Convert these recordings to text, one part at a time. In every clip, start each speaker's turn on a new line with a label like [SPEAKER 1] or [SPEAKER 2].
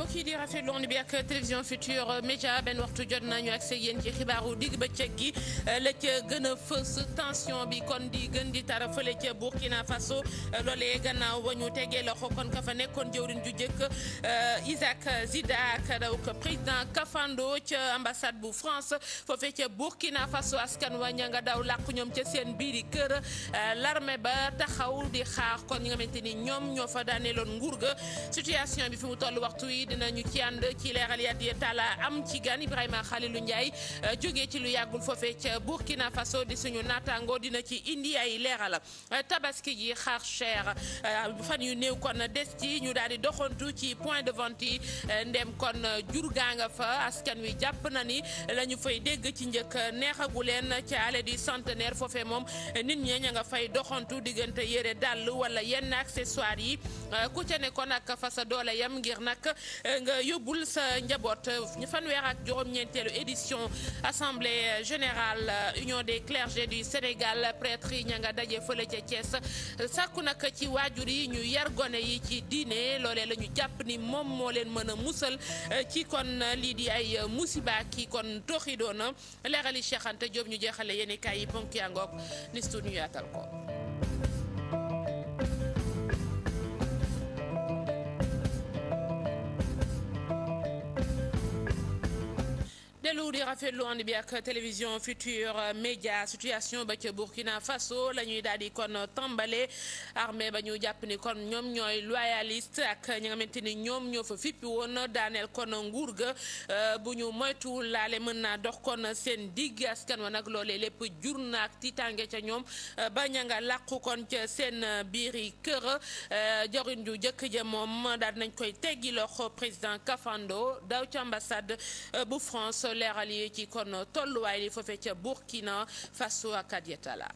[SPEAKER 1] mbokk yi di rafetlu woon bi ak télévision Futurs Médias benn waxtu jot nañu ak seen yéen ci xibaaru digg bëccëg gi la ca gën a fës tension bi kon di gën di tara fële ca Burkina Faso loolee gannaaw ba ñu tegee loxo kon ka fa nekkoon jëwriñ ju jëkk euh, Isaac Zida donc président Kafando ca ambassade bu France foofee ca Burkina Faso askan wa ña nga daw làq ñoom ca seen biir biiri kër euh, l'armée ba taxawul di xaar kon ñi nga xamante ni ñoom ñoo fa daaneeloon nguur ga situation ñu ci ànd ci leeral ya tala am ci gan Ibrahima lu Ndiaye euh, jógee ci lu yàggul foofee ca Burkina Faso di suñu naataango dina ci indi ay leerala euh, tabaski ji xar cher euh, fan yu néew kon des ci ñu daal di doxantu ci point de vente yi ndem kon jur gaa nga fa askan wi jàpp na ni lañu fay dégg ci njëkk neexagu leen ci allée du centenaire foofee moom nit ñi a nga fay doxantu diggante yére dàll wala yenn accessoires yi ku ca nekkoon ak fa sa doole yam Euh, nga yóbbul sa njaboot euh, fanweer ak juróom-ñeenteelu édition assemblée générale euh, union des clergés du Sénégal prêtre yi ña nga daje fële ca Thiès sàkku nag ci waajur yi ñu yar gone yi ci diine loole la ñu jàpp ni moom moo leen mën a musal ci kon lii di ay musiba ki kon toxi doona leerali Cheikh Anta Diop ñu jeexale yéen yi ponk yaa ngoog nistuut ñu yaatal ko dellu di rafetlu ànd bi ak télévision Futurs Médias situation ba ca Burkina Faso la ñuy daal di kon tàmbale armée ba ñu jàpp ni kon ñoom ñooy loyaliste ak ñi nga xamante ni ñoom ñoo fa fippi woon daaneel kon nguur ga euh, bu ñu moytuwul laale mën naa dox kon seen digg askan wa nag loole lépp jur na ak tiitaange ca ñoom euh, ba ña nga làqu kon ca seen biir yi kër euh, jorin ju jëkk ja moom daal nañ koy teggi loxo président Kafando daw ci ambassade bu France leeral ci kon tolluwaay li foofee ca Burkina Faso ak Kadiata la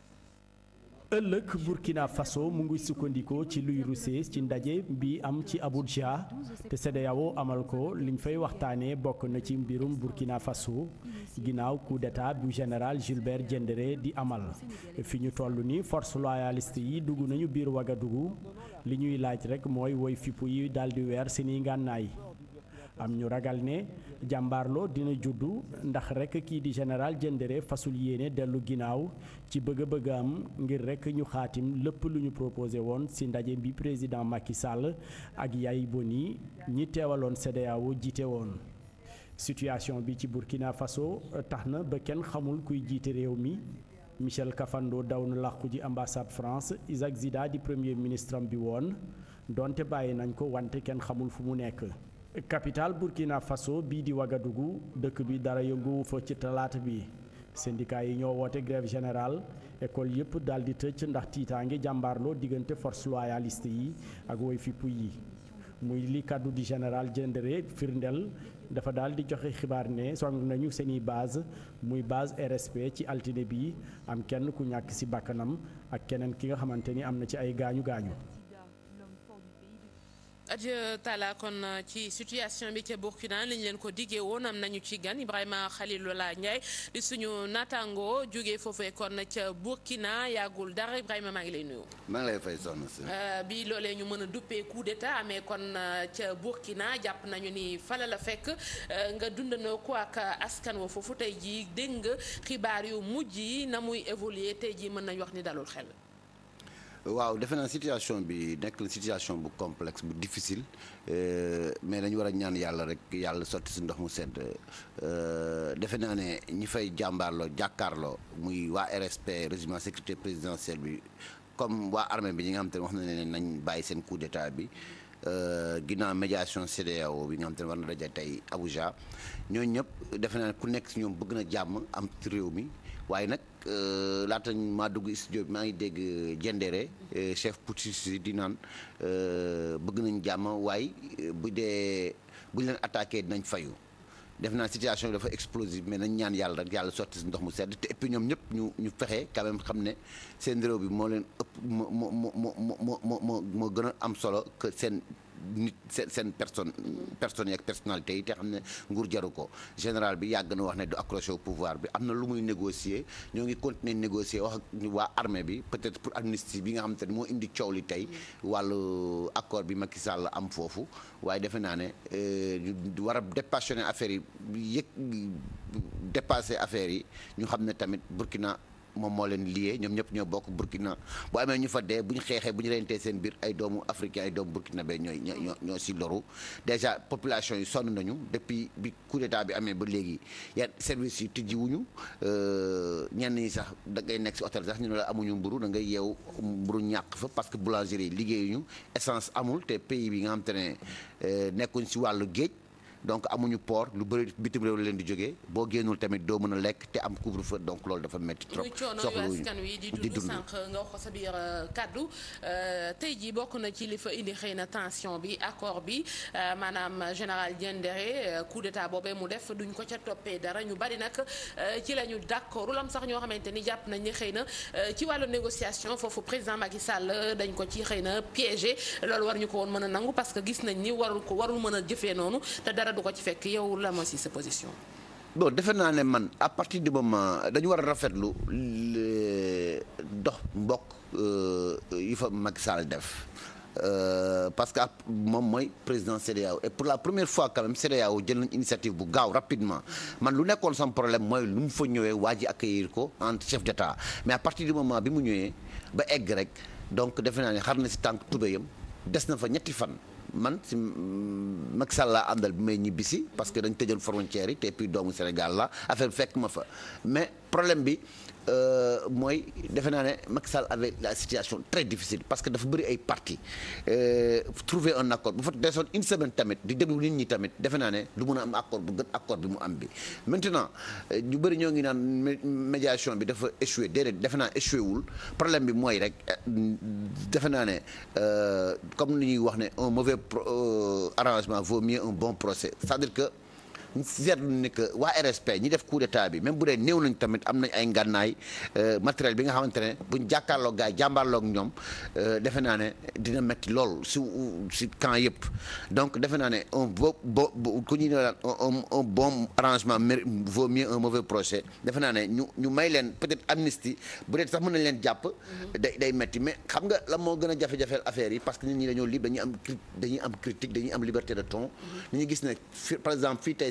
[SPEAKER 2] ëllëg Burkina Faso mu ngi sukkandikoo ci luy rusee ci ndaje bi am ci Abuja te CEDEAO amal ko liñ fay waxtaanee bokk na ci mbirum Burkina Faso ginnaaw coup d'état bu général Gilbert Diendéré di amal fi ñu toll ni force loyaliste yi dugg nañu biir Wagadugu li ñuy laaj rek mooy woy fippu yi daldi weer seeni ngànnaay am ñu ragal ne jàmbaarloo dina juddu ndax rek kii di général Diendéré fasul yéene dellu ginnaaw ci bëgg-bëgg am ngir rek ñu xaatim lépp lu ñu proposé woon si ndaje bi président Macky Sall ak Yayi Boni ñi teewaloon CEDEAO jiite woon. situation bi ci Burkina Faso euh, tax na ba kenn xamul kuy jiite réew mi. Michel Kafando daw na làqu ji ambassade France Isaac Zida di premier ministre bi woon donte bàyyi nañ ko wante kenn xamul fu mu nekk. capitale Burkina Faso bii di Ouagadougou dëkk bi dara yënguwu fa ci talaata bi syndicat yi ñoo woote grève générale école yëpp daal di tëcc ndax tiitaange jàmbaarloo diggante force loyaliste yi ak woy fippu yi muy li kàddu di général Diendéré firndel dafa daal di joxe xibaar ne song nañu seeni base muy base RSP ci altine bi am kenn ku ñàkk ci bakkanam ak keneen ki nga xamante ni am na ci ay gaañu gaañu
[SPEAKER 1] Adja Talla kon euh, ci situation bi ca Burkina liñ leen ko diggee woon am nañu ci gan Ibrahima Khalilullah Ndiaye di suñu naataango jógee foofee kon ca Burkina yàggul dara Ibrahima maa ngi lay nuyu.
[SPEAKER 3] maa ngi lay fay soxna si.
[SPEAKER 1] Euh, bi loolee ñu mën a duppee coup de amee kon euh, ca Burkina jàpp nañu ni fala la fekk nga dundanoo ko ak askan wa foofu tey jii dégg nga xibaar yu mujj yi na muy évoluer tey jii mën nañu wax ni dalul xel.
[SPEAKER 3] waaw defe naa situation bi nekk na situation bu complexe bu difficile euh, mais dañu war a ñaan yàlla rek yàlla sotti si ndox mu sedd euh, defe naa ne ñi fay jàmbaarloo jàkkaarloo muy waa RSP régiment sécurité présidentielle bi comme waa armée bi ñi nga xam te ne wax na ne nañ bàyyi seen coup d'état bi euh, ginnaaw médiation CEDEAO bi nga xam te war na daje tey Abuja ñooñu ñëpp defe naa ne ku nekk si ñoom bëgg na jàmm am ci réew mi waaye nag euh, laata maa dugg studio bi maa ngi dégg euh, Diendéré euh, chef putschiste di naan bëgg nañ jàmm waaye bu dee bu ñu leen attaqué dinañ fayu def naa situation bi dafa explosive mais nañ ñaan yàlla rek yàlla sotti ndox mu sedd te et ñoom ñëpp ñu ñu fexe quand xam ne seen réew bi moo leen ëpp moo moo moo moo moo gën a am solo que seen nit seen personne personne yi ak personnalité yi te xam ne nguur jaru ko général bi yàgg na wax ne du accroché au pouvoir bi am na lu muy négocier ñoo ngi continuer négocier wax ak waa armée bi peut-être pour amnistie bi nga xam te ne moo indi coow li tey mm. wàllu accord bi ma Macky Sall am foofu waaye defe naa ne euh, war a dépassionné affaire yi yëg dépassé affaire yi ñu xam ne tamit Burkina moom moo leen lié ñoom ñëpp ñoo bokk Burkina bu amee ñu fa dee bu ñu xeexee bu ñu reyantee seen biir ay doomu africain ay doomu Burkina be ñooy ñoo ñoo si loru déjà population yi sonn nañu depuis bi coup bi amee ba léegi yan service yi tijjiwuñu euh, ñenn ñi sax da ngay nekk si hôtel sax ñu ne la amuñu mburu da ngay yeew mburu ñàkk fa parce que boulangerie yi liggéeyuñu essence amul te pays bi nga xam te ne euh, nekkuñ si wàllu géej. donc amuñu port lu bëri bitim réew la leen di jógee boo génnul tamit doo mën a lekk te am couvre-feu donc loolu dafa metti trop. soxlawuñu di dund sànq
[SPEAKER 1] nga wax ko sa biir euh, kaddu euh, tey jii bokk na ci li fa indi xëy na tension bi accord bi euh, maanaam général Diendéré coup d'état boobee mu def duñ ko ca toppee dara ñu bari nag ci la ñu d'accord lu sax ñoo xamante ni jàpp nañ ni xëy na ci wàllu négociation foofu président Macky Sall dañ ko ci xëy na piégé loolu war ñu ko woon mën a nangu parce que gis nañ ni warul ko warul mën a jëfee noonu du ko ci fekk yow la ma si sa position.
[SPEAKER 3] bon defe naa ne man à partir du moment dañu war a rafetlu dox mbokk euh, yi fa mag Sall def euh, parce que moom mooy président CEDEAO et pour la première fois quand même jël nañ initiative bu gaaw rapidement man lu nekkoon sam problème mooy lu mu fa ñëwee waa ji accueillir ko entre chef d'état mais à partir du moment bi mu ñëwee ba egg rek donc defe naa ne xar na si tànk tubéyam des na fa ñetti fan. man si mm, Macky Sall laa àndal bi may ñibbisi parce que dañ tëjoon frontières yi te puis doomu Sénégal la affaire fekk ma fa mais. problème bi euh, mooy defe naa ne Macky Sall avait la situation très difficile parce que dafa bëri ay parti euh, trouver un accord bu fa desoon une semaine tamit di déglu nit ñi tamit defe naa ne du mun a am accord bu gën accord bi mu am bi maintenant euh, ñu bëri ñoo ngi naan médiation bi dafa échoué déedéet defe naa échoué wul problème bi mooy rek defe naa ne comme ni ñuy wax ne un mauvais arrangement vaut mieux un bon procès c'est-à-dire que seetlu ni que waa RSP ñi def coup d'état bi même bu dee néew nañ tamit am nañ ay ngànnaay euh, matériel bi nga xamante ne buñ jàkkaarloo gaay yi jàmbaarloog ñoom euh, defe naa ne dina metti lool si si yëpp donc defe naa ne un bo ku ñu daan un bon arrangement vaut mieux un mauvais procès defe naa ne ñu ñu may leen peut-être amnistie bu dee sax leen jàpp mm-hmm. day day metti mais xam nga la moo gën a jafe affaire yi parce que nit ñi dañoo libre dañuy am dañuy am critique dañuy am liberté de ton mm-hmm. dañuy gis ne par exemple fii tey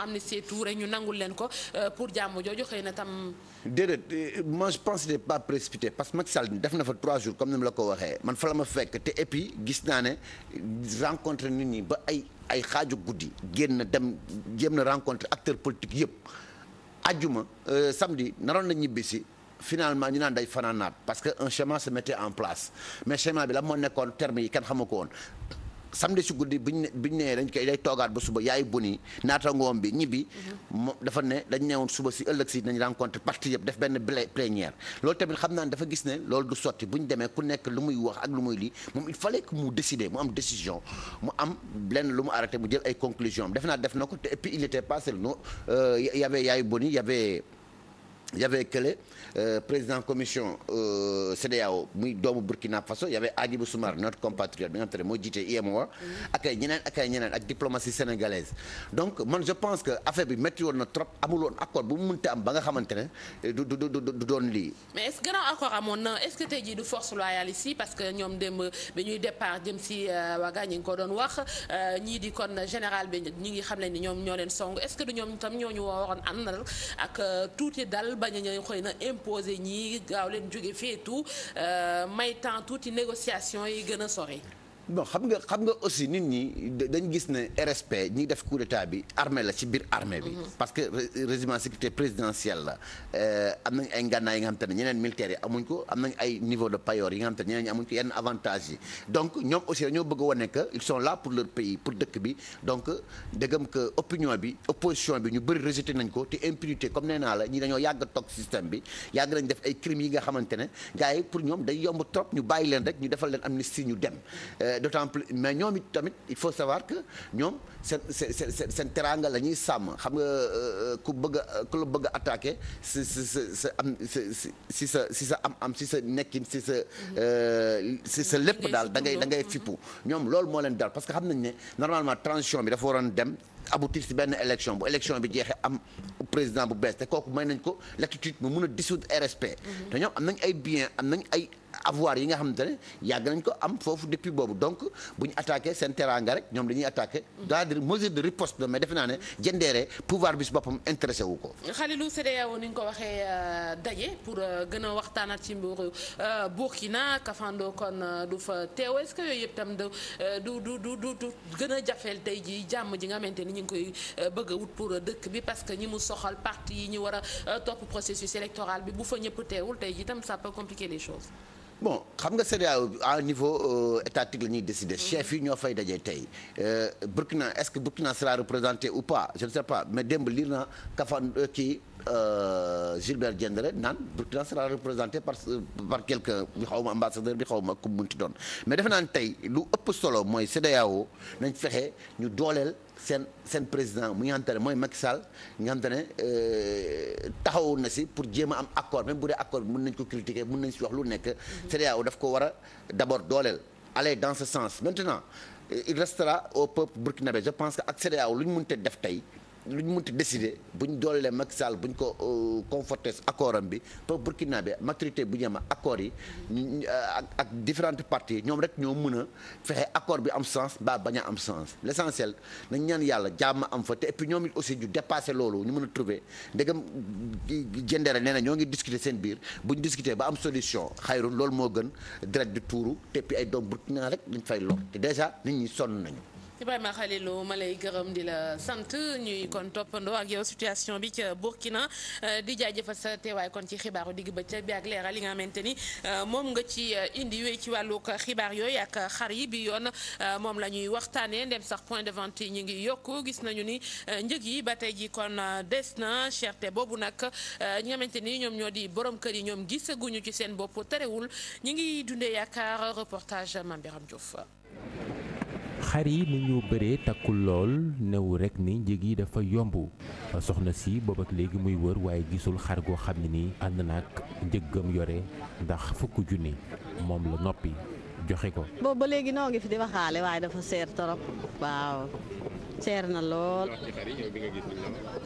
[SPEAKER 1] am amnistie rek ñu nangul leen ko euh, pour jàmm jooju xëy na tam.
[SPEAKER 3] déedéet euh, moi je pense que pas précipité parce que Macky Sall def na fa trois jours comme ni mu la ko waxee man fa la ma fekk te et puis gis naa ne rencontre nit ñi ba ay ay xaaju guddi génn dem jéem na rencontre acteur politique yëpp. ajjuma euh, samedi naroon na ñibbisi finalement ñu naan day fanaanaat parce que un schéma se mettait en place mais schéma bi la moo nekkoon terme yi kenn xamu ko woon. samedi si guddi biñ ne biñ nee dañ koy day toogaat ba suba yaay buni naata ngoom bi ñibbi. Mhm. moom dafa ne dañ newoon suba si ëllëg si nañ rencontre parti yëpp def benn plénière loolu tamit xam naa ne dafa gis ne loolu du sotti bu ñu demee ku nekk lu muy wax ak lu muy lii moom il fallait que mu décider mu am décision mu am lenn lu mu arrêté mu jël ay conclusion def naa def na ko te et puis il était pas seul non euh, y avait yaay buni y avait y kële Euh, président commission euh, CEDEAO muy doomu Burkina Faso y avait Hadjibou Soumaré notre compatriote bi nga xam ne moo mm-hmm. man je pense que affaire bi métti woon na trop amul woon accord bu mu mënte am ba nga xamante ne euh, du doon lii.
[SPEAKER 1] mais est-ce accord amoon na est-ce que tey jii du force loyale ici parce que ñoom démb bi ñuy départ jëm si waaga ñi ngi ko doon wax ñii di kon général bi ñi ngi xam ne ñoom ñoo leen song est-ce que du ñoom tam ñoo ñu waroon àndal ak tuuti dal bañ a ñëw xëy na imposer ñii gaaw leen jóge feetu euh, may temps tuuti négociation yi gën a sori
[SPEAKER 3] bon xam nga xam nga aussi nit ñi dañ gis ne RSP ñi def coup d'état bi armee la ci biir armée bi. Mm-hmm. parce que régiment sécurité présidentielle la euh, am nañ ay ngànnaay yi nga xam te ne ñeneen militaires amuñ ko am nañ ay niveau de payor yi nga xam te amuñ ko yenn avantage yi donc ñoom aussi dañoo bëgg a wane que ils sont là pour leur pays pour dëkk bi donc dëggam que opinion bi opposition bi ñu bëri rejeté nañ ko te impunité comme nee naa la ñi dañoo yàgg a système bi yàgg nañ def ay crimes yi nga xamante ne gars yi pour ñoom day yomb trop ñu bàyyi leen rek ñu defal leen amnistie ñu dem euh, d'autant plus mais ñoom it tamit il faut savoir que ñoom seen seen seen seen teraanga la ñuy sàmm xam euh, ku bëgg ku la bëgg a attaqué si si sa am si sa si sa am am si sa nekkin si sa euh, si sa mm-hmm. lépp daal da ngay da ngay fippu ñoom loolu moo leen daal parce que xam nañ ne normalement transition bi dafa waroon dem aboutir si benn élection bu élection bi jeexe am président bu bees te kooku may nañ ko l'attitude mu mun a dissoudre RSP mm-hmm. te ñoom am nañ ay bien am nañ ay avoir yi nga xamante ne yàgg nañ ko am foofu depuis boobu donc bu ñu attaqué seen teraanga rek ñoom dañuy attaqué. c'est-à-dire mesure de riposte la mais defe naa ne jëndeere pouvoir bi si boppam intéressé wu ko.
[SPEAKER 1] xalilu CEDEAO ni nga ko waxee euh, daje pour euh, gën a waxtaanaat ci mbiru euh, Burkina Kafando kon du fa teew est-ce que yooyu yëpp tam du du du du gën a jafeel tey jii jàmm ji nga xamante ni ñu ngi koy bëgg wut pour dëkk bi parce que ñi mu soxal parti yi ñu war a topp processus électoral bi bu fa ñëpp teewul tey jii tam les choses.
[SPEAKER 3] bon xam nga CEDEAO à niveau euh, étatique la ñuy décider chef yi ñoo fay dajee tey euh, Burkina est-ce que Burkina sera représenté ou pas je ne sais pas mais démb lire na kafan euh, kii Gilbert Diendéré naan Burkina sera représenté par par quelqu'un bi xaw ma ambassadeur bi xaw ma ku munti doon mais defe naan tey lu ëpp solo mooy CEDEAO nañ fexe ñu dooleel seen seen président mu nga xam te ne mooy Macky Sall nga xam te ne euh, taxawoon na si pour jéem am accord même bu dee accord bi mën nañ ko critiquer mun nañ si wax lu nekk mhm. CEDEAO daf ko war a d'abord dooleel aller dans ce sens maintenant euh, il restera au peuple burkinabé je pense que ak CEDEAO lu ñu mun te def tey lu ñu munti décider bu ñu doolee Macky Sall bu ñu ko euh, conforté accord am bi pour Burkina bi maturité bu ñu am accord yi euh, ak ak différentes parties ñoom rek ñoo mën a fexe accord bi am sens ba bañ a am sens l' essentiel nañ ñaan yàlla jàmm am fa te et ñoom it aussi ñu dépassé loolu ñu mën a trouver ndegam jëndere nee na ñoo ngi discuter seen biir bu ñu discuter ba am solution xayrun loolu moo gën deret di tuuru te puis ay doom Burkina rek dañ fay lor te déjà nit ñi sonn nañu
[SPEAKER 1] Ibrahima Khalilou ma lay gërëm di la sant ñuy kon toppandoo ak yow situation bi ca Burkina eh, di jaajëfal sa teewaay kon ci xibaaru digg ba ca bi ak leeral yi nga xamante ni eh, moom nga ci eh, indi wéy ci wàllug xibaar yooyu ak xar yi bi yoon moom la ñuy waxtaanee ndem sax point de vente yi ñu ngi yokku gis nañu ni njëg yi ba tey ji kon des na cherté boobu nag ñi nga xamante ni ñoom ñoo di borom kër yi ñoom gisaguñu ci seen bopp terewul ñu ngiy dundee yaakaar reportage Mame Biram
[SPEAKER 4] xar yi ni ñu bëree takkul lool newu rek ni njëg yi dafa yomb soxna sii boobu léegi muy wër waaye gisul xar goo xam ne nii ànd naag njëggam yore ndax fukk junni moom la noppi joxe ko.
[SPEAKER 5] boobu ba léegi noo ngi fi di waxaale waaye dafa seer torop waaw seer na lool.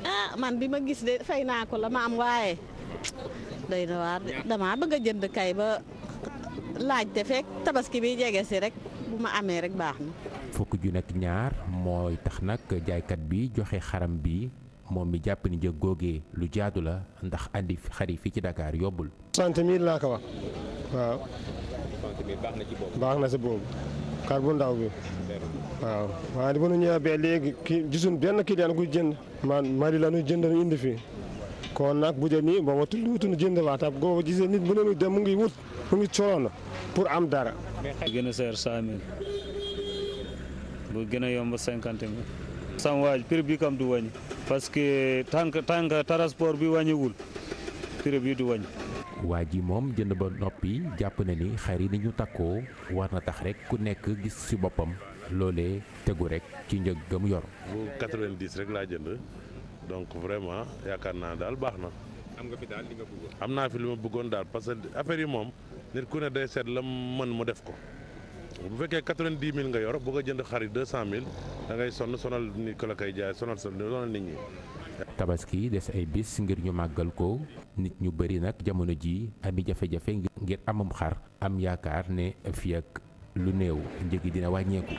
[SPEAKER 5] ah man bi ma gis de fay naa ko la ma am waaye doy na waar damaa bëgg a jënd kay ba laajte fekk tabaski bi jege si rek. bu ma amee rek baax na.
[SPEAKER 4] fukk ju nekk ñaar mooy tax nag jaaykat bi joxe xaram bi moom mi jàpp ni njëg gi lu jaadu la ndax andi xari fii ci dakaar yóbbul 60 000 laa
[SPEAKER 6] ko wax waaw. 60 000 baax na ci boobu. baax ndaw bi. waaw waaye bu nu ñëwee ba léegi ki gisuñ benn kii daan kuy jënd. man mari la nu jënd nu indi fii. kon nag bu dee nii booba tuuti wutuñu jënd waat ab gisee nit bu ne dem mu ngi wut mu ngi coono pour am dara. bu gën a seer cent
[SPEAKER 7] mille gën yomb cinquante mille sama waaj prix bi kam du wàññi parce que tànk tànk transport bi wàññiwul prix bi du wàññi waa ji moom
[SPEAKER 4] jënd ba noppi jàpp na ni xar yi ni ñu takkoo war na tax rek ku nekk gis ci boppam loolee tegu rek ci njëg gëm yor
[SPEAKER 7] bu 90 rek laa jënd donc vraiment yaakaar naa daal baax na
[SPEAKER 4] am nga fi daal
[SPEAKER 7] naa fi li ma bëggoon daal parce que affaire yi moom nit ku ne day seet la mën mu def ko bu fekkee quatre-vingt-dix mille nga yor bëgg a jënd xar yi deux cent mille da ngay sonn sonal nit ko la koy jaay sonal sonal nit ñi.
[SPEAKER 4] tabaski des ay bis ngir ñu màggal ko nit ñu bëri nag jamono ji ami jafe-jafe ngir amam xar am yaakaar ne fii ak lu néew njëg yi dina wàññeeku.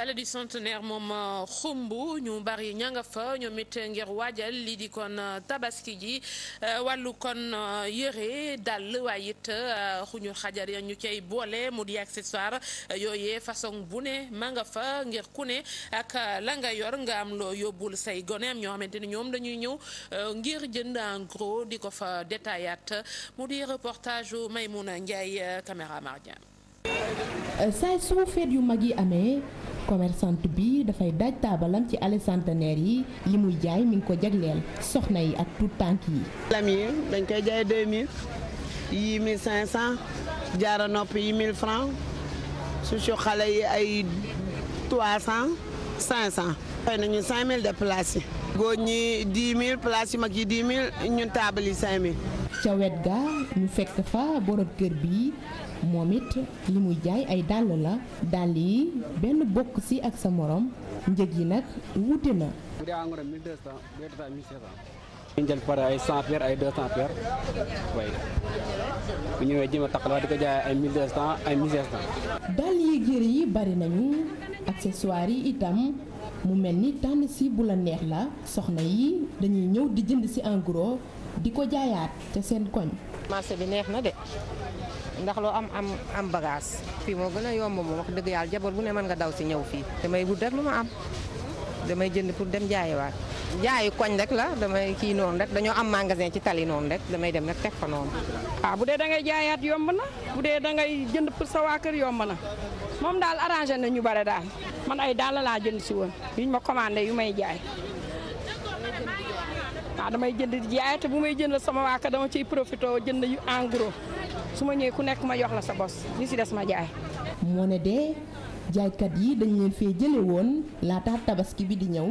[SPEAKER 1] ala di centenaire moom xumb euh, ñu bari ña nga fa ñoo it ngir waajal lii di kon euh, tabaski ji euh, wàllu kon yëre dàll waaye it xuñu xajar ya ñu cay boole mu di accessoire yooyee façon bu ne ma nga fa ngir ku ne ak la nga yor nga am loo yóbbul say gone am ñoo xamante ni ñoom dañuy ñëw ngir jënd en gros di ko fa détaillaat mu di reportage Maymouna Ndiaye caméra mardian
[SPEAKER 5] saa su commerçante bi dafay daaj taabalam ci allée centenaire yi li muy jaay mi ngi ko jagleel soxna yi ak tout tànk yi. lam
[SPEAKER 7] dañ koy jaay 2000 yi 1500 jaara nopp yi 1000 francs su xale yi ay 300 500. fay nañu 5000 de place yi. góor ñi 10 000 place yu mag yi 10 000 ñun taabal yi
[SPEAKER 5] ca wet ga ñu fekk fa borom kër bi moom it li muy jaay ay dàll la dàll yi benn bokk si ak sa moroom njëg yi nag wuute na.
[SPEAKER 8] bu dee engrais 1200 bu jël pare ay 100 paires ay 200 paires bu ñëwee jéem a di ko jaayee ay 1200 ay 1700.
[SPEAKER 5] dàll yi gër yi bari nañu accessoires yi itam. mu mel ni tànn si bu neex la soxna yi dañuy ñëw di jënd ci en di ko jaayaat ca seen koñ. marché bi neex na de ndax loo am am am bagage fii moo gën a yomb moom wax dëgg yàlla jaboot bu ne man nga daw si ñëw fii damay wut rek lu ma am damay jënd pour dem jaayiwaat jaayu koñ rek la damay kii noonu rek dañoo am magasin ci tali noonu rek damay dem rek teg fa noonu. waaw ah, bu dee dangay jaayaat yomb na bu dee da ngay jënd pour sa waa kër yomb na moom daal arrangé na ñu bare daal man ay daal laa jënd si woon yuñ ma commandé yu may jaay. waaw ah, damay jënd di jaay te bu may jënd sama waa dama ciy profité jënd yu en su ma ñëwee ku nekk ma yox la sa bos li si des ma jaay. moo ne de jaaykat yi dañ leen fee jële woon laata tabaski bi di ñëw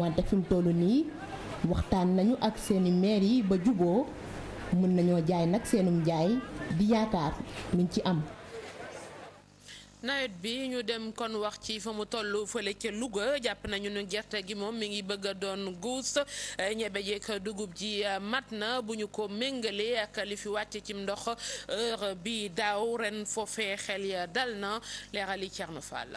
[SPEAKER 5] wante fi mu toll nii waxtaan nañu ak seeni maire yi ba juboo mën nañoo jaay nag seenum jaay di yaakaar nuñ ci am.
[SPEAKER 1] nawet bi ñu dem kon wax ci fa mu toll fa ca Louga jàpp nañu ne gerte gi moom mi ngi bëgg a doon guus ñebe jeeg dugub ji euh, mat na bu ñu ko méngalee ak li fi wàcc ci ndox heure bi daaw ren foofe xel ya dal na leerali Thierno Fall.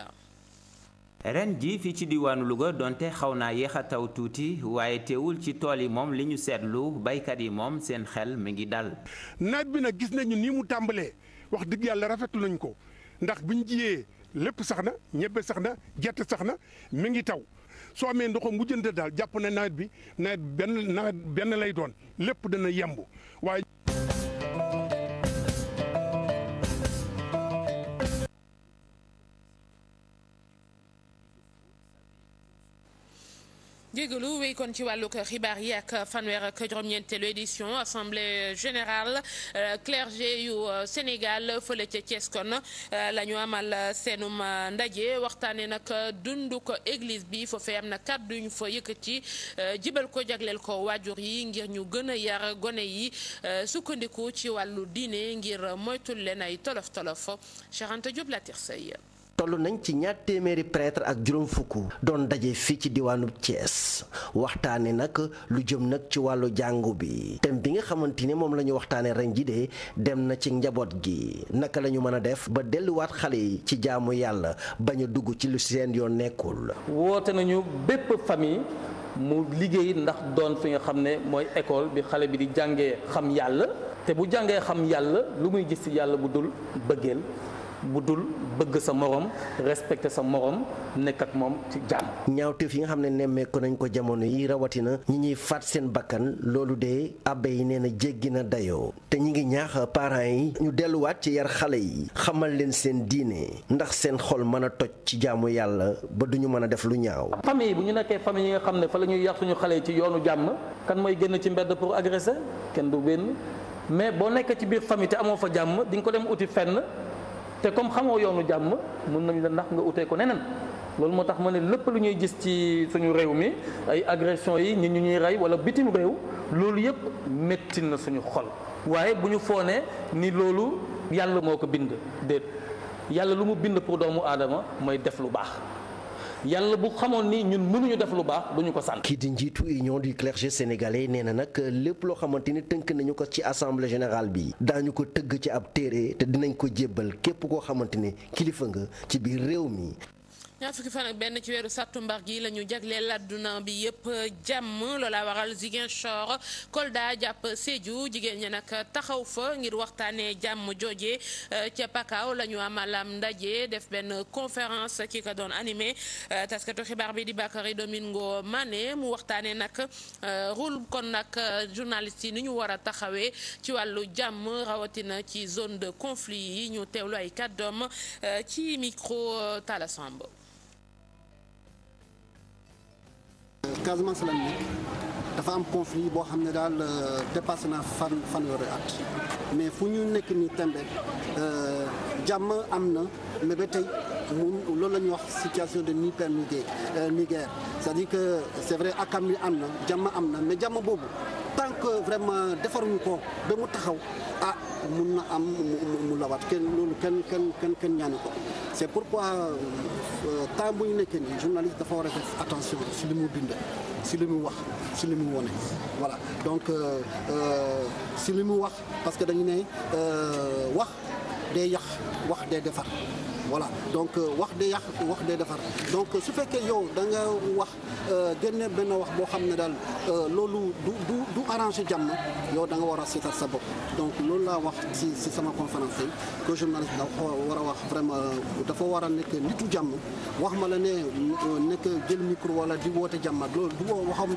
[SPEAKER 4] ren ji fi ci diwaanu Louga donte xaw naa yéex a taw tuuti waaye teewul ci tool yi moom li ñu seetlu baykat yi moom seen xel mi ngi dal.
[SPEAKER 6] nawet bi nag gis nañu ni mu tàmbalee wax dëgg yàlla rafetlu nañ ko. ndax bu ñu jiyee lépp sax na ñebbe sax na gerte sax na mi ngi taw soo amee ndoxam mu daal jàpp na nawet bi nawet benn nawet benn lay doon lépp dana yemb waaye.
[SPEAKER 1] jégalu wéy kon ci wàllug xibaar yi ak fanweer ak juróom-ñeenteelu édition assemblée générale euh, clergé yu euh, Sénégal fële ci Thiès kon euh, la ñu amal seenum ndaje waxtaanee nag dundu ko église bi foofee am na kàddu foo yëkk ci jibal ko jagleel ko waajur yi ngir ñu gën a yar gone yi sukkandiku ci wàllu diine ngir moytul leen ay tolof tolof Cheikh Anta Diop
[SPEAKER 9] toll nañ ci ñaar téeméeri prêtre ak juróom fukk doon daje fii ci diwaanu Thiès waxtaane nag lu jëm nag ci wàllu jàngu bi thème bi nga xamante ni moom la ñu waxtaane ren ji de dem na ci njaboot gi naka la ñu mën a def ba delluwaat xale yi ci jaamu yàlla bañ dugg ci lu seen yoon nekkul
[SPEAKER 7] woote nañu bépp famille mu liggéey ndax doon fi nga xam ne mooy école bi xale bi di jàngee xam yàlla te bu jàngee xam yàlla lu muy gis ci yàlla bu dul bëggeel bu dul bëgg sa morom respecté sa morom nekk ak moom ci jàmm. ñaawteef
[SPEAKER 9] yi nga xam ne nemmeeku nañ ko jamono yi rawatina ñi ñuy faat seen bakkan loolu de abbé yi nee na jéggi na dayoo te ñi ngi ñaax parent yi ñu delluwaat ci yar xale yi xamal leen seen diine ndax seen xol mën a toj ci jaamu yàlla ba du ñu mën a def lu ñaaw.
[SPEAKER 2] famille
[SPEAKER 7] bu ñu nekkee famille yi nga xam ne fa la ñuy yar suñu xale yi ci yoonu jàmm kan mooy génn ci mbedd pour agresser kenn du génn mais boo nekk ci biir famille amoo fa jàmm di nga dem uti fenn. te comme xamoo yoonu jàmm mën nañ la ndax nga utee ko neneen loolu moo tax ma ne lépp lu ñuy gis ci suñu réew mi ay agression yi ñi ñu ñuy rey wala bitim réew loolu yëpp métti na suñu xol waaye bu ñu foonee ni loolu yàlla moo ko bind déet yàlla lu mu bind pour doomu aadama mooy def lu baax yàlla bu xamoon ni ñun mënuñu def lu baax du ñu ko sant.
[SPEAKER 9] kii di njiitu union du clergé sénégalais nee na nag lépp loo xamante ni tënk nañu ko ci assemblée générale bi daañu ko tëgg ci ab téere te dinañ ko jébbal képp koo xamante ni kilifa nga ci biir réew mi.
[SPEAKER 1] ñaar fukki fan ak benn ci weeru sàttumbar gi la ñu jagleel àdduna bi yëpp jàmm loola waral Ziguinchor Kolda jàpp Sédhiou jigéen ñi nag taxaw fa ngir waxtaanee jàmm jooje euh, ca Pakao la ñu amalam ndaje def benn conférence ki ko doon animé euh, taskatu xibaar bi di Bakary Domingo mane mu waxtaanee nag euh, rôle kon nag journaliste yi ni ñu war a taxawee ci wàllu jàmm rawatina ci zone de conflit yi ñu teewlu ay kàddoom ci micro Tala
[SPEAKER 8] Casamance lañ nekk dafa am conflit boo xam ne daal euh, dépassé na fan fanweeri at mais fu ñu nekk ni tembe euh, jàmm am na mais ba tey mu loolu la ñuy wax situation de ni permis euh, ni guerre c'est-à-dire que c'est vrai akam yi am na jàmm am na mais jàmm boobu tant que vraiment defaruñu ko ba mu taxaw ah mun na am mu lawaat kenn loolu kenn kenn kenn kenn ñaanu ko c'est pourquoi euh, temps bu ñu nekkee nii journaliste dafa war a def attention si li mu bind si li mu wax si li mu wone voilà donc euh, euh, si li mu wax parce que dañu ne wax day yàq wax day defar voilà donc euh, wax de yàq wax de defar donc su fekkee yow da nga wax euh, génne benn wax boo xam ne daal euh, loolu du du du arrangé jàmm yow da nga war a seetal sa bopp donc loolu laa wax si si sama conférence yi que journaliste dafa war a wax vraiment dafa war a nekk nitu jàmm wax ma la ne nekk jël micro wala di woote jàmm ak loolu du waxam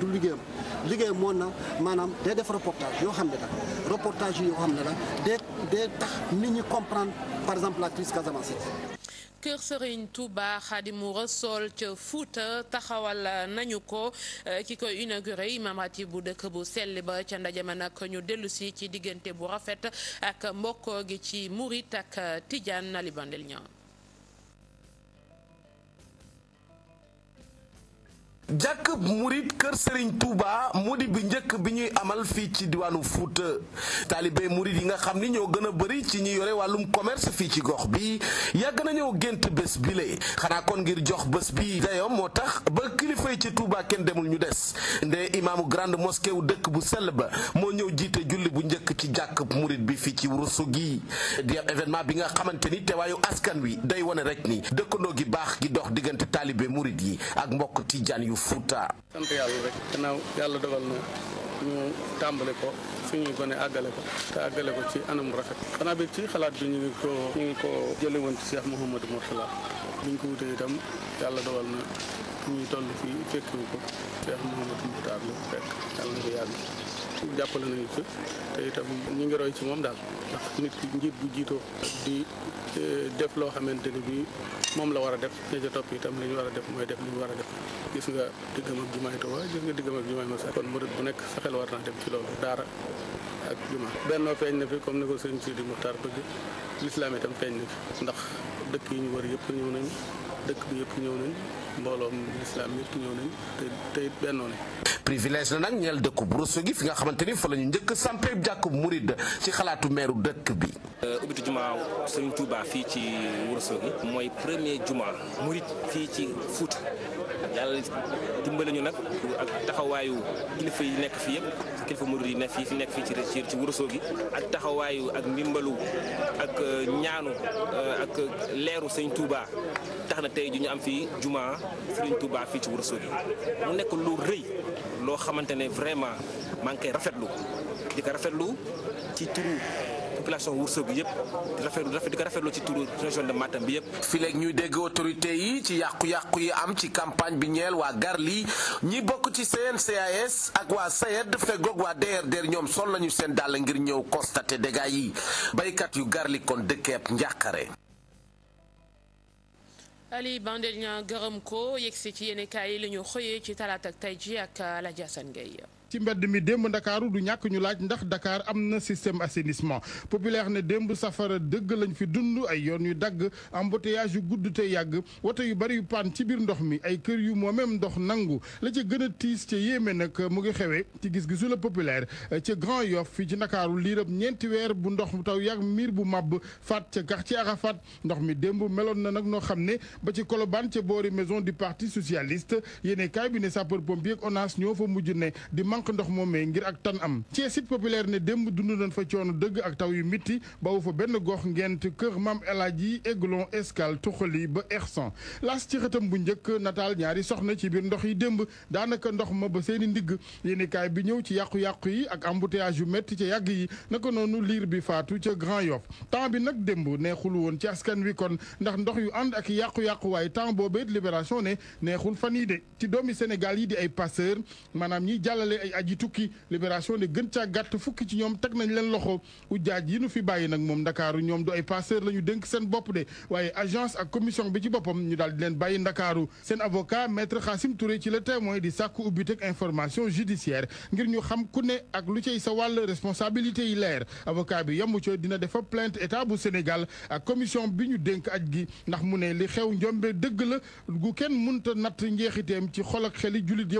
[SPEAKER 8] du liggéeyam liggéeyam moon na maanaam dee def reportage yoo xam ne da reportage yoo xam ne da day day tax nit ñi comprendre par exemple la crise casamançaise
[SPEAKER 1] Kër ca Fuuta taxawal nañu ko eh, ki koy inauguré imam ratib bu dëkk bu selli ba ca ndaje ma nag ñu dellusi ci diggante bu rafet ak mbokkoo gi ci murit ak tijaan nali ñaaw
[SPEAKER 7] jàkk murit kër Serigne Touba mu di bi njëkk bi ñuy amal fii ci diwaanu Fuuta taalibe murit yi nga xam ni ñoo gën a bëri ci ñu yore wàllum commerce fii ci gox bi yàgg nañoo gént bés bi xanaa kon ngir jox bés bi dayo moo tax ba kilifa yi ci Touba kenn demul ñu des nde imaamu grande mosquée wu dëkk bu sell ba moo ñëw jiite julli bu njëkk ci jàkkab murit bi fii ci Wurusu gi di événement bi nga xamante ni te waayu askan wi day wone rek ni dëkkandoo gi baax gi dox diggante taalibe murit yi ak mbokk tijaan yu yu Fuuta. sant yàlla rek gannaaw yàlla dogal na ñu tàmbali ko suñuy gone àggale ko te àggale ko ci anam rafet xanaa bi ci xalaat bi ñu ngi ko ñu woon ci Cheikh Mouhamadou Mourtala bi ñu ko wutee itam yàlla dogal na ñuy toll fii fekkiwu ko Cheikh Mouhamadou fekk yàlla na ko yàgg jàppale nañu ci te itam ñu ngi ci moom daal ndax nit ki bu jiitoo di eh, def loo xamante ni bi moom la war a def ña ca topp itam li ñu war a def mooy def li ñu war a def gis nga diggam ak jumaay Tuuba gis nga diggam ak jumaay Masar kon murit bu nekk sa xel war naa dem ci loolu daara ak juma bennoo feeñ na fi comme ni ko sëñ Sidi Muxtaar bëgg lislaam tam feeñ na fi ndax dëkk yi ñu wër yëpp ñëw nañ dëkk bi yëpp ñëw nañ mbooloom lislaam yëpp ñëw nañ te tey bennoo ne privilège na nag ñeel dëkku Bousso gi fi nga xamante ni fa la ñu njëkk sampé jàkk murid ci xalaatu meeru dëkk bi euh, ubbiti juma sëñ Tuuba fii
[SPEAKER 4] ci Bousso gi mooy premier juma murid fii ci Fuuta yàlla dimbale ñu nag ak taxawaayu kilifa yi nekk fii yëpp kilifa murid yi nekk fii fi nekk fii ci ci wurusoo gi ak taxawaayu ak ndimbalu ak euh, ñaanu euh, ak leeru sëñ Touba. tax na tey duñu am fii jumaa Serigne Touba fii ci Ourossogui mu nekk lu rëy loo xamante ne vraiment maa ngi koy rafetlu
[SPEAKER 7] di ko rafetlu ci turu population Ourossogui yëpp di rafetlu di ko rafetlu ci turu région de Matam bi yëpp. fii léegi ñuy dégg autorité yi ci yàqu-yàqu yi am ci campagne bi ñeel waa Garli ñi bokk ci CNCAS ak waa SAED feggoog waa DRDR ñoom sol nañu seen dàll ngir ñëw constater dégâts yi baykat yu Garli kon dëkkeeb njàqare
[SPEAKER 1] Ali Bandel ña gërëm ko yegsi ci yéenekaay yi la ñu xëyee ci talaata ak tey ji ak Alaaji Asan Gey
[SPEAKER 6] ci mbedd mi démb ndakaaru du ñàkk ñu laaj ndax Dakar am na système assainissement populaire ne démb safara dëgg lañ fi dund ay yoon yu dagg embouteillage yu gudd te yàgg woto yu bari yu paan ci biir ndox mi ay kër yu moo même ndox nangu la ca gën a tiis ca yéeme nag mu ngi xewee ci gis-gisu la populaire ca Grand Yoff fii ci ndakaaru liirab ñeenti weer bu ndox taw yàgg miir bu màbb faat ca quartier Arafat ndox mi démb meloon na nag noo xam ne ba ci Colobane ca boori maison du parti socialiste yéene kaay bi ne sapeur pompier ak ne ñàkk ndox moomee ngir ak tan am ci site populaire ne démb dund nañ fa coono dëgg ak taw yu mitti bawu fa benn gox ngent kër maam El Hadji Aiglon Escale Tuxali ba Ersan las ci xëtam bu njëkk nataal ñaari soxna ci biir ndox yi démb daanaka ndox ma ba seeni ndigg yéenekaay bi ñëw ci yàqu-yàqu yi ak embouteillage yu métti ca yàgg yi naka noonu liir bi faatu ca Grand Yoff temps bi nag démb neexul woon ci askan wi kon ndax ndox yu ànd ak yàqu-yàqu waaye temps boobee libération ne neexul fan yi de ci doomi Sénégal yi di ay passeur maanaam ñiy jàllale ay aji tukki libération ne gën caa gàtt fukki ci ñoom teg nañ leen loxo ujaaj yi nu fi bàyyi nag moom ndakaaru ñoom du ay passeur la ñu dénk seen bopp de waaye agence ak commission bi ci boppam ñu daal di leen bàyyi ndakaaru seen avocat maître Khassim Touré ci le témoin di sàkku ubbiteg information judiciaire ngir ñu xam ku ne ak lu cay sa wàll responsabilité yi leer avocat bi yamu ca dina defa plainte état bu Sénégal ak commission bi ñu dénk aj gi ndax mu ne li xew njombe dëgg la gu kenn mënta natt njeexiteem ci xol ak xeli jullit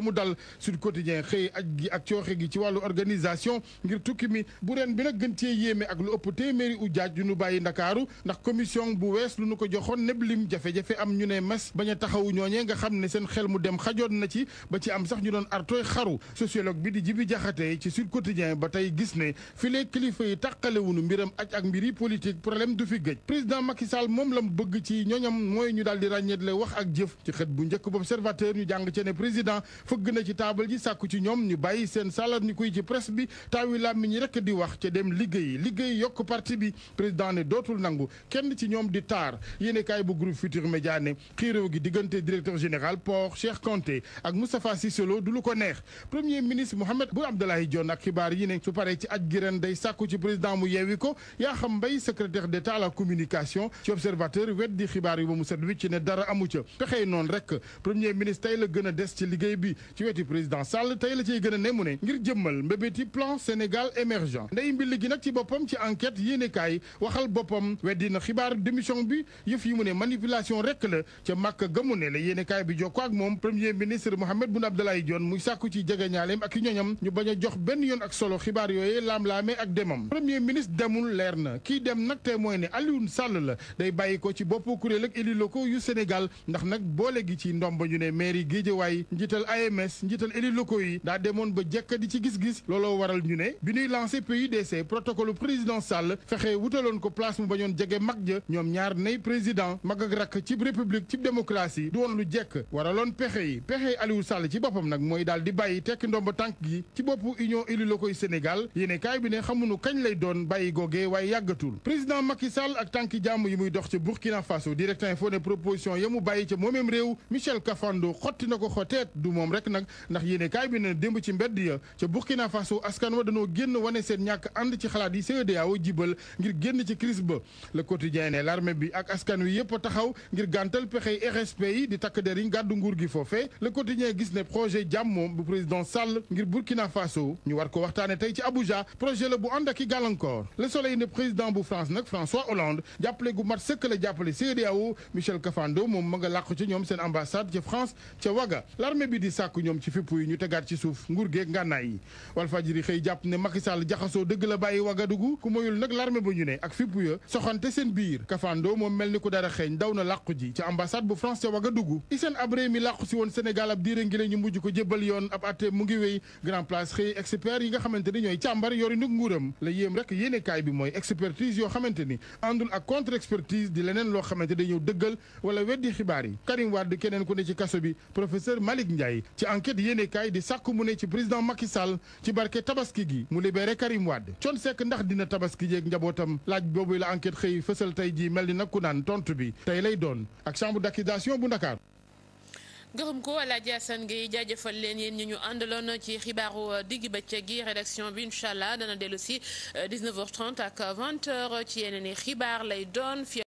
[SPEAKER 6] gi ak cooxe gi ci wàllu organisation ngir tukki mi bu ren bi na gën cee yéeme ak lu ëpp téeméeri ujaaj yu nu bàyyi ndakaaru ndax commission bu wees lu ñu ko joxoon népp lim jafe-jafe am ñu ne mes ba a taxawu ñooñee nga xam ne seen xel mu dem xajoon na ci ba ci am sax ñu doon artooy xaru sociologue bi di jibi jaxate ci Sud Quotidien ba tey gis ne fi lee kilifa yi nu mbiram aj ak mbiri politique problème du fi gëj président Macky Sall moom la mu bëgg ci ñoñam mooy ñu daal di ràññeetle wax ak jëf bu njëkk bu observateur ñu jàng ci ne président na ci taabal ji sàkku ci ñoom bàyyi seen salar ni kuy ci presse bi taawi làmmiñ ñi rek di wax ca dem liggéey liggéey yokk parti bi président ne dootul nangu kenn ci ñoom di taar yéenekaay bu groupe Futurs média ne xiiroo gi diggante directeur général port Cheikh Kanté ak Moustapha Cissé Lô du lu ko neex premier ministre Mahammed Boun Abdallah Dionne ak xibaar yi ne su paree ci aj gi ren day sàkku ci président mu yeewi ko yaa xam mbay secrétaire d'État la communication ci observateur weddi xibaar yu ba mu set wi ci ne dara amu ca pexey noonu rek premier ministre tey la gën a des ci liggéey bi ci weti président Sall tey a ne mu ne ngir jëmmal mbébéti plan Sénégal émergent ndey mbill gi nag ci boppam ci enquête yéenekaay waxal boppam weddi na xibaar démission bi yëf yi mu ne manipulation rek la ca màkk gamu ne la yéenekaay bi jokkoo ak moom premier ministre Mohamed Boun Abdallah Dionne muy sàkku ci jegeñaaleem ak i ñoñam ñu bañ a jox benn yoon ak solo xibaar yooyee laam-laamee ak demam premier ministre demul leer na kii dem nag te mooy ne Alioune Sall la day bàyyi ko ci bopp kuréel ak élus locaux yu Sénégal ndax nag boole gi ci ndomba ñu ne mairie Guédiawaye njiital AMS njiital élus locaux yi demoon ba jekk di ci gis-gis looloo waral ñu ne bi ñuy lancé PUDC protocole président Sall fexe wutaloon ko place mu bañoon jege mag ja ñoom ñaar nay président mag ak rakk cib république cib démocratie du woon lu jekk waraloon pexe yi pexe Aliou Sall ci boppam nag mooy daal di bàyyi tekki ndomba tànk gi ci boppu union élu la koy Sénégal yéene bi ne xamuñu kañ lay doon bàyyi googee waaye yàggatul président Macky Sall ak tànki jàmm yi muy dox ca mbedd ya ca Burkina Faso askan wa dañoo génn wane seen ñàkk ànd ci xalaat yi CEDEAO jibal ngir génn ci crise ba le quotidien ne bi ak askan wi yëpp a taxaw ngir gàntal pexey RSP yi di takk der yi gàddu nguur gi foofee le quotidien gis ne projet jàmmoo bu président Sall ngir Burkina Faso ñu war ko waxtaane tey ci Abuja projet la bu ànd ak i gàllankoor le soleil ne président bu France nag François Hollande jàppale gu mat sëkk la jàppale e CEDEAO nguur geeg ngànnaay yi Walfadjri xëy jàpp ne Macky jaxasoo dëgg la bàyyi Wagadugu ku moyul nag l'armée ba ñu ne ak fipp ya soxante seen biir kafaandoo moom mel ni ku dara xeeñ daw na làqu ji ca ambassade bu France ca Wagadugu Hissène Habré mi làqu si woon Sénégal diire ngi la mujj ko jébbal yoon ab atte mu ngi wéy grand place xëy expert yi nga xamante ni ñooy càmbar yori nag nguuram la yéem rek yéenekaay bi mooy expertise yoo xamante ni àndul ak contre expertise président Macky Sall ci barke tabaski gi mu libéré Karim Wade Thione Seck ndax dina tabaski jeeg njabootam laaj boobu la enquête xëy fësal tey jii mel ni nag ku naan tontu bi tey lay doon ak chambre d'accusation bu Ndakaaru
[SPEAKER 1] gërëm ko Alaaji Asan Gey jaajëfal leen yéen ñu àndaloon ci xibaaru euh, digg bëccëg rédaction bi incha allah dana dellu si 19 euh, ak 20 ci yeneen i xibaar lay doon.